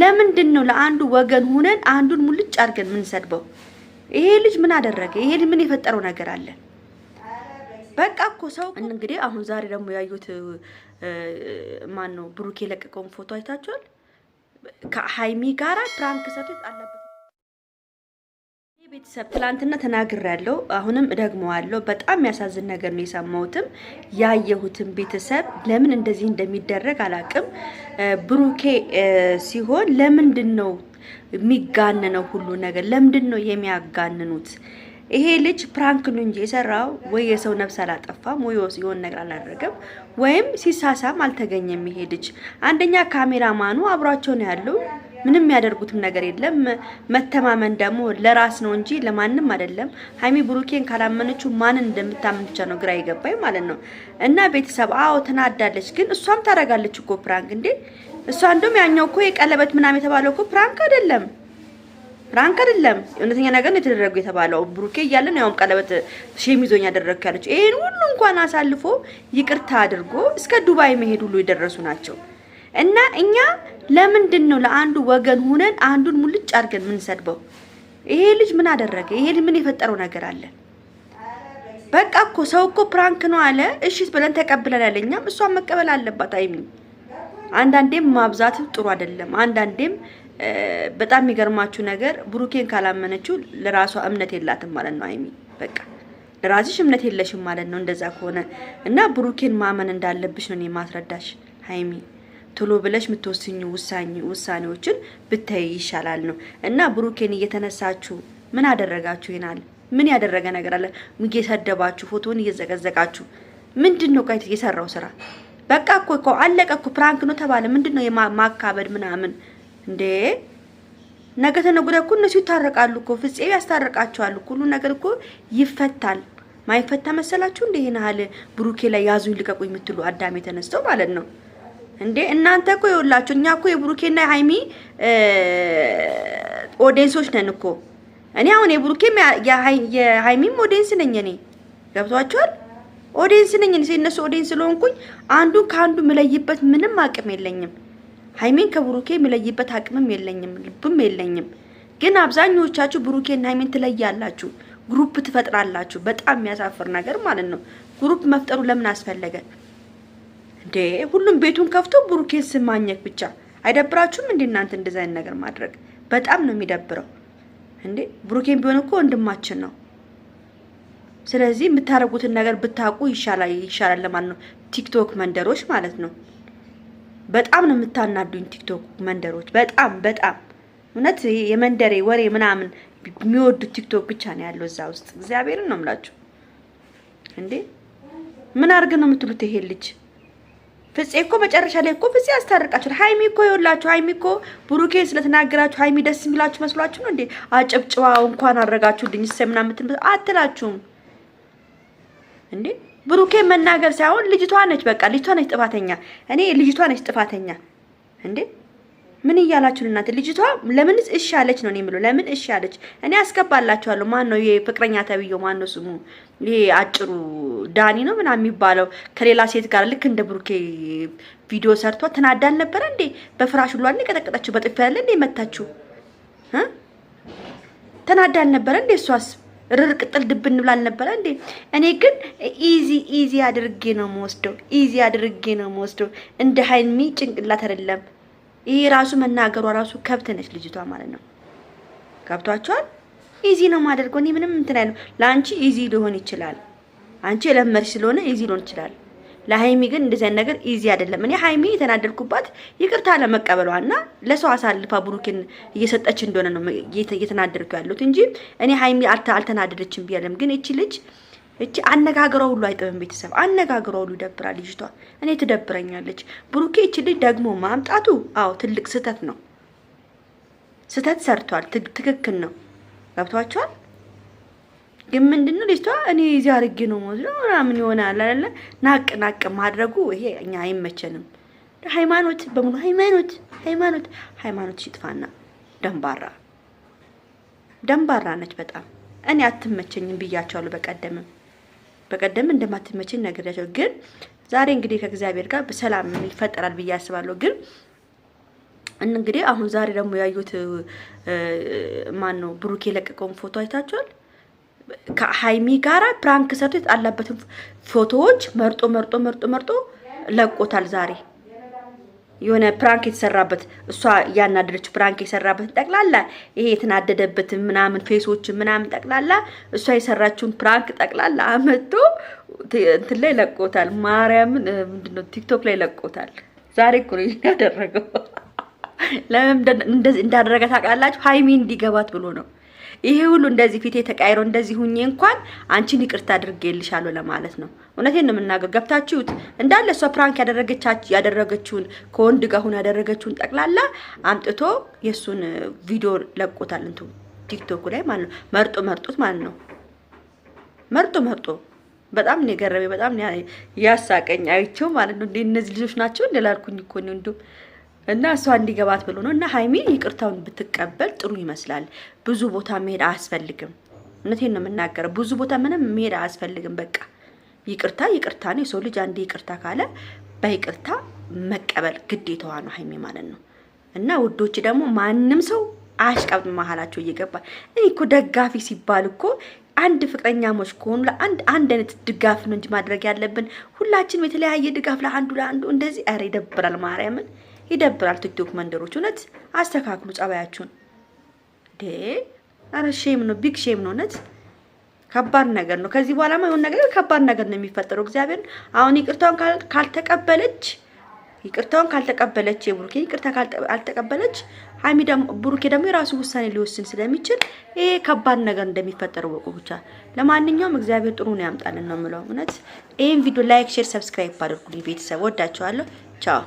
ለምንድን ነው ለአንዱ ወገን ሁነን አንዱን ሙልጭ አድርገን የምንሰድበው? ይሄ ልጅ ምን አደረገ? ይሄ ልጅ ምን የፈጠረው ነገር አለ? በቃ እኮ ሰው እንግዲህ አሁን ዛሬ ደግሞ ያዩት ማን ነው? ብሩክ የለቀቀውን ፎቶ አይታችኋል? ከሀይሚ ጋራ ፕራንክ ሰቶች አለበት። ቤተሰብ ትላንትና ያለው አሁንም እደግመዋለሁ። በጣም የሚያሳዝን ነገር ነው የሰማሁትም ያየሁትም። ቤተሰብ ለምን እንደዚህ እንደሚደረግ አላቅም። ብሩኬ ሲሆን ለምንድን ነው የሚጋነነው? ሁሉ ነገር ለምንድን ነው የሚያጋንኑት? ይሄ ልጅ ፕራንክ ነው እንጂ የሰራው ወይ የሰው ነፍስ አላጠፋም፣ ወይ የሆነ ነገር አላደረገም፣ ወይም ሲሳሳም አልተገኘም። ይሄ ልጅ አንደኛ ካሜራማኑ አብሯቸው ነው ያለው ምንም ያደርጉትም ነገር የለም። መተማመን ደግሞ ለራስ ነው እንጂ ለማንም አይደለም። ሀይሚ ብሩኬን ካላመነችው ማንን እንደምታምን ብቻ ነው ግራ የገባኝ ማለት ነው። እና ቤተሰብ አዎ ተናዳለች፣ ግን እሷም ታደርጋለች እኮ ፕራንክ እንዴ። እሷ እንደውም ያኛው እኮ የቀለበት ምናምን የተባለው እኮ ፕራንክ አይደለም ፕራንክ አይደለም። እውነተኛ ነገር ነው የተደረገው የተባለው ብሩኬ እያለ ነው። ያውም ቀለበት ሸሚዞኝ ያደረግኩ ያለችው ይሄን ሁሉ እንኳን አሳልፎ ይቅርታ አድርጎ እስከ ዱባይ መሄድ ሁሉ የደረሱ ናቸው እና እኛ ለምንድን ነው ለአንዱ ወገን ሁነን አንዱን ሙልጭ አድርገን የምንሰድበው? ይሄ ልጅ ምን አደረገ? ይሄ ምን የፈጠረው ነገር አለ? በቃ እኮ ሰው እኮ ፕራንክ ነው አለ። እሺ ብለን ተቀብለናል። እኛም እሷን መቀበል አለባት። አይሚ አንዳንዴም ማብዛት ጥሩ አይደለም። አንዳንዴም በጣም የሚገርማችሁ ነገር ብሩኬን ካላመነችው ለራሷ እምነት የላትም ማለት ነው። አይሚ በቃ ለራስሽ እምነት የለሽም ማለት ነው እንደዛ ከሆነ እና ብሩኬን ማመን እንዳለብሽ ነው እኔ ማስረዳሽ ሀይሚ ቶሎ ብለሽ የምትወስኙ ውሳኔዎችን ብታይ ይሻላል ነው እና ብሩኬን እየተነሳችሁ ምን አደረጋችሁ? ይናል ምን ያደረገ ነገር አለ? እየሰደባችሁ ፎቶን እየዘቀዘቃችሁ ምንድን ነው ቆይት የሰራው ስራ? በቃ እኮ እኮ አለቀ እኮ ፕራንክ ነው ተባለ። ምንድን ነው የማካበድ ምናምን እንዴ? ነገ ተነገወዲያ እኮ እነሱ ይታረቃሉ እኮ ፍጼ ያስታርቃቸዋል ሁሉ ነገር እኮ ይፈታል። ማይፈታ መሰላችሁ እንደ ይህን ያህል ብሩኬ ላይ ያዙኝ ልቀቁኝ የምትሉ አዳሜ ተነስተው ማለት ነው። እንዴ እናንተ እኮ ይኸውላችሁ፣ እኛ እኮ የብሩኬና የሀይሚ ኦዲንሶች ነን እኮ። እኔ አሁን የብሩኬም የሀይሚም ኦዲንስ ነኝ። እኔ ገብቷችኋል፣ ኦዲየንስ ነኝ። እኔ የእነሱ ኦዲየንስ ስለሆንኩኝ አንዱ ከአንዱ ምለይበት ምንም አቅም የለኝም። ሀይሜን ከብሩኬ የምለይበት አቅምም የለኝም፣ ልብም የለኝም። ግን አብዛኞቻችሁ ብሩኬና ሀይሜን ትለያላችሁ፣ ግሩፕ ትፈጥራላችሁ። በጣም የሚያሳፍር ነገር ማለት ነው። ግሩፕ መፍጠሩ ለምን አስፈለገ? እንዴ ሁሉም ቤቱን ከፍቶ ብሩኬን ማግኘት ብቻ አይደብራችሁም እንዴ እናንተ እንደዛ አይነት ነገር ማድረግ በጣም ነው የሚደብረው እንዴ ብሩኬን ቢሆን እኮ ወንድማችን ነው ስለዚህ የምታደርጉትን ነገር ብታውቁ ይሻላል ይሻላል ለማለት ነው ቲክቶክ መንደሮች ማለት ነው በጣም ነው የምታናዱኝ ቲክቶክ መንደሮች በጣም በጣም እውነት የመንደሬ ወሬ ምናምን የሚወዱት ቲክቶክ ብቻ ነው ያለው እዛ ውስጥ እግዚአብሔርን ነው የምላችሁ እንዴ ምን አድርገን ነው የምትሉት ይሄ ልጅ ፍፄ እኮ መጨረሻ ላይ እኮ ፍፄ ያስታርቃችኋል። ሀይሚ እኮ ይኸውላችሁ፣ ሀይሚ እኮ ብሩኬን ስለተናገራችሁ ሀይሚ ደስ የሚላችሁ መስሏችሁ ነው እንዴ? አጨብጭባው እንኳን አድረጋችሁልኝ ሰምና ምትን አትላችሁም እንዴ? ብሩኬ መናገር ሳይሆን ልጅቷ ነች፣ በቃ ልጅቷ ነች ጥፋተኛ። እኔ ልጅቷ ነች ጥፋተኛ እንዴ ምን እያላችሁ እናንተ? ልጅቷ ለምን እሺ አለች ነው የሚለው። ለምን እሺ አለች? እኔ አስገባላችኋለሁ። ማን ነው የፍቅረኛ ተብዬው? ማን ነው ስሙ? ይሄ አጭሩ ዳኒ ነው ምናምን የሚባለው ከሌላ ሴት ጋር ልክ እንደ ብሩኬ ቪዲዮ ሰርቷ ትናዳ አልነበረ እንዴ? በፍራሽ ሁሉ አንዴ ቀጠቀጠችው። በጥፊ ያለ እንዴ መታችሁ? ተናዳ አልነበረ እንዴ? እሷስ ርርቅ ጥል ድብን ብላ አልነበረ እንዴ? እኔ ግን ኢዚ ኢዚ አድርጌ ነው የምወስደው። ኢዚ አድርጌ ነው የምወስደው። እንደ ሀይሚ ጭንቅላት አይደለም። ይሄ ራሱ መናገሯ ራሱ ከብት ነች ልጅቷ ማለት ነው። ገብቷቸዋል። ኢዚ ነው ማደርገው። እኔ ምንም እንትን አይደለም። ለአንቺ ኢዚ ሊሆን ይችላል፣ አንቺ የለመድሽ ስለሆነ ኢዚ ሊሆን ይችላል። ለሀይሚ ግን እንደዚያን ነገር ኢዚ አይደለም። እኔ ሀይሚ የተናደድኩባት ይቅርታ ለመቀበሏና ለሰው አሳልፋ ብሩኬን እየሰጠች እንደሆነ ነው እየተናደድኩ ያለሁት እንጂ እኔ ሀይሚ አልተናደደችም ብያለም። ግን እቺ ልጅ እቺ አነጋግሯ ሁሉ አይጥብም። ቤተሰብ አነጋግሯ ሁሉ ይደብራል። ልጅቷ እኔ ትደብረኛለች። ብሩኬ እቺ ልጅ ደግሞ ማምጣቱ አዎ ትልቅ ስህተት ነው። ስህተት ሰርቷል። ትክክል ነው። ገብቷቸዋል። ግን ምንድን ነው ልጅቷ እኔ እዚህ አድርጌ ነው ሞት ነው ምናምን ይሆናል አይደለ? ናቅ ናቅ ማድረጉ ይሄ እኛ አይመቸንም። ሃይማኖት በሙሉ ሃይማኖት ሃይማኖት ሃይማኖት ሽጥፋና ደንባራ ደንባራ ነች በጣም እኔ አትመቸኝም ብያቸዋለሁ በቀደምም በቀደም እንደማትመቸኝ ነግሬያቸው፣ ግን ዛሬ እንግዲህ ከእግዚአብሔር ጋር በሰላም ይፈጠራል ብዬ አስባለሁ። ግን እንግዲህ አሁን ዛሬ ደግሞ ያዩት ማን ነው? ብሩክ የለቀቀውን ፎቶ አይታችኋል። ከሀይሚ ጋራ ፕራንክ ሰርቶ የተጣላበትን ፎቶዎች መርጦ መርጦ መርጦ መርጦ ለቆታል ዛሬ የሆነ ፕራንክ የተሰራበት እሷ ያናደደች ፕራንክ የሰራበትን ጠቅላላ ይሄ የተናደደበትን ምናምን ፌሶችን ምናምን ጠቅላላ እሷ የሰራችውን ፕራንክ ጠቅላላ አመጡ እንትን ላይ ለቆታል። ማርያምን ምንድነው ቲክቶክ ላይ ለቆታል። ዛሬ እኮ ነው ያደረገው። ለምን እንዳደረገ ታውቃላችሁ? ሀይሚ እንዲገባት ብሎ ነው። ይሄ ሁሉ እንደዚህ ፊቴ ተቃይሮ እንደዚህ ሁኜ እንኳን አንቺን ይቅርታ አድርጌልሻለሁ ለማለት ነው። እውነቴን ነው የምናገር። ገብታችሁት እንዳለ እሷ ፕራንክ ያደረገቻችሁ ያደረገችውን ከወንድ ጋር ሁን ያደረገችውን ጠቅላላ አምጥቶ የእሱን ቪዲዮ ለቆታል እንቱ ቲክቶክ ላይ ማለት ነው። መርጦ መርጦት ማለት ነው። መርጦ መርጦ በጣም ነው የገረመኝ። በጣም ያሳቀኝ አይቼው ማለት ነው። እነዚህ ልጆች ናቸው እንደላልኩኝ እኮ ነው እንዲሁ እና እሷ እንዲገባት ብሎ ነው። እና ሀይሚ ይቅርታውን ብትቀበል ጥሩ ይመስላል። ብዙ ቦታ መሄድ አያስፈልግም። እውነቴን ነው የምናገረው። ብዙ ቦታ ምንም መሄድ አያስፈልግም። በቃ ይቅርታ ይቅርታ ነው። የሰው ልጅ አንድ ይቅርታ ካለ በይቅርታ መቀበል ግዴታዋ ነው ሀይሚ ማለት ነው። እና ውዶች ደግሞ ማንም ሰው አያሽቀብጥ መሀላቸው እየገባ እኔ እኮ ደጋፊ ሲባል እኮ አንድ ፍቅረኛሞች ከሆኑ ለአንድ አንድ አይነት ድጋፍ ነው እንጂ ማድረግ ያለብን ሁላችንም የተለያየ ድጋፍ ለአንዱ ለአንዱ እንደዚህ ኧረ ይደብራል ማርያምን ይደብራል። ቲክቶክ መንደሮች እውነት አስተካክሉ ጸባያችሁን። ዴ አረ ሼም ነው፣ ቢግ ሼም ነው። እውነት ከባድ ነገር ነው። ከዚህ በኋላ የሆነ ነገር ከባድ ነገር ነው የሚፈጠረው። እግዚአብሔር አሁን ይቅርታውን ካልተቀበለች ይቅርታውን ካልተቀበለች የብሩኬ ይቅርታ ካልተቀበለች ሀይሚ ደግሞ ብሩኬ ደግሞ የራሱ ውሳኔ ሊወስን ስለሚችል ይሄ ከባድ ነገር እንደሚፈጠረው ወቁ ብቻ። ለማንኛውም እግዚአብሔር ጥሩ ነው ያምጣልን ነው የምለው። እውነት ይህን ቪዲዮ ላይክ፣ ሼር፣ ሰብስክራይብ አድርጉልኝ ቤተሰብ። ወዳቸዋለሁ። ቻው